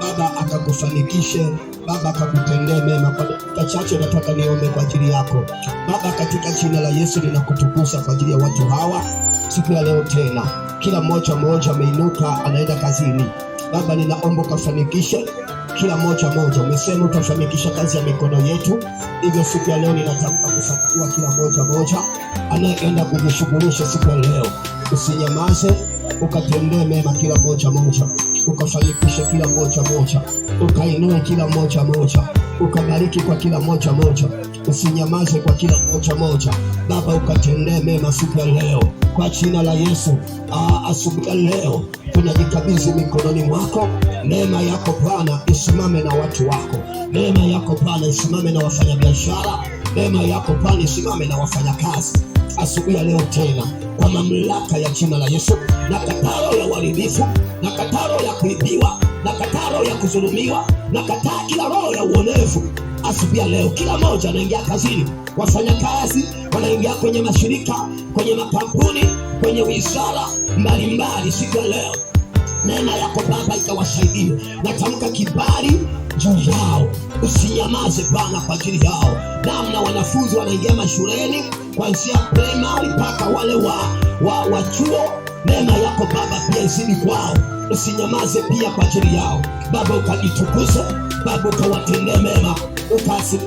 Baba akakufanikishe, Baba akakutendee mema. Kwa dakika chache nataka niombe kwa ajili yako Baba, katika jina la Yesu ninakutukuza kwa ajili ya watu hawa siku ya leo tena. Kila mmoja mmoja ameinuka anaenda kazini, Baba ninaomba ukafanikishe kila mmoja mmoja. Umesema utafanikisha kazi ya mikono yetu, hivyo siku ya leo ninatamka kufanikiwa kila mmoja mmoja anayeenda kujishughulisha siku ya leo. Usinyamaze ukatendee mema kila moja moja, ukafanikishe kila moja moja, ukainue kila moja moja, ukabariki kwa kila moja moja, usinyamaze kwa kila moja moja. Baba, ukatendee mema siku ya leo kwa jina la Yesu. Asubuhi ya leo tunajikabidhi mikononi mwako. Neema yako Bwana isimame na watu wako, neema yako Bwana isimame na wafanyabiashara mema yako Bwana, simame na wafanyakazi asubuhi ya leo tena, kwa mamlaka ya jina la Yesu, na kataro ya uharibifu, na kataro ya kuibiwa, na kataro ya kuzulumiwa na kataa kila roho ya uonevu asubuhi ya leo. Kila mmoja anaingia kazini, wafanyakazi wanaingia kwenye mashirika, kwenye makampuni, kwenye wizara mbalimbali, siku ya leo neema yako Baba ikawasaidie. Natamka kibali juu yao. Usinyamaze Bwana kwa ajili yao, namna wanafunzi wanaingia mashuleni kuanzia primary mpaka wale wa, wa, wa chuo. Neema yako Baba pia izidi kwao, usinyamaze pia kwa ajili yao Baba, ukajitukuze Baba, ukawatendee mema,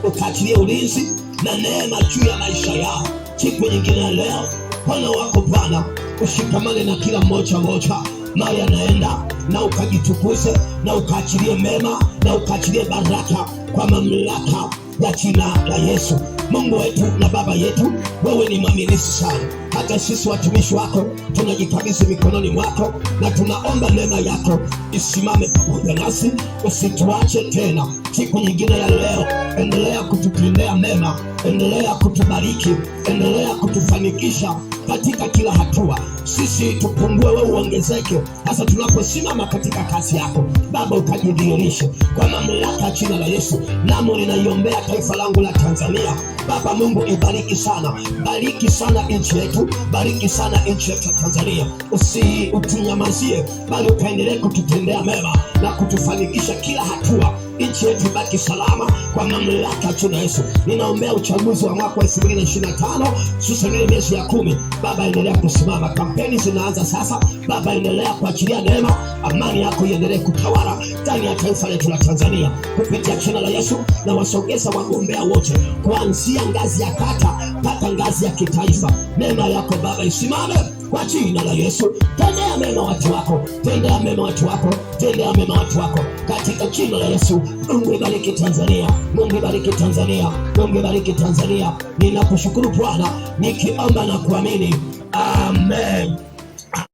ukaachilie ulinzi na neema juu ya maisha yao siku nyingine ya leo. Bwana wako Bwana, ushikamane na kila mmoja moja mali anaenda na ukajitukuze na ukaachilie mema na ukaachilie baraka kwa mamlaka ya jina la Yesu. Mungu wetu na Baba yetu, wewe ni mwaminifu sana. Hata sisi watumishi wako tunajikabidhi mikononi mwako, na tunaomba neema yako isimame pamoja nasi, usituache tena. Siku nyingine ya leo, endelea kututendea mema, endelea kutubariki, endelea kutufanikisha katika kila hatua, sisi tupungue, wewe uongezeke, hasa tunaposimama katika kazi yako Baba, ukajidhihirishe kwa mamlaka jina la Yesu namo linaiombea taifa langu la Tanzania. Baba Mungu, ibariki sana, bariki sana nchi yetu, bariki sana nchi yetu ya Tanzania. Usi utunyamazie, bali ukaendelee kututendea mema na kutufanikisha kila hatua nchi yetu ibaki salama kwa mamlaka na Yesu. Ninaombea uchaguzi wa mwaka wa tano hususani miezi ya kumi. Baba, endelea kusimama, kampeni zinaanza sasa. Baba, endelea kuachilia neema, amani yako iendelee kutawala ndani ya taifa letu la Tanzania kupitia jina la Yesu. Na wasogeza wagombea wote kuanzia ngazi ya kata mpaka ngazi ya kitaifa. Neema yako Baba isimame kwa jina la Yesu. Tendea mema watu wako, tendea mema watu wako, tendea mema watu wako katika jina la Yesu. Mungu ibariki Tanzania, Mungu ibariki Tanzania, Mungu ibariki Tanzania. Ninakushukuru Bwana nikiomba na kuamini, amen.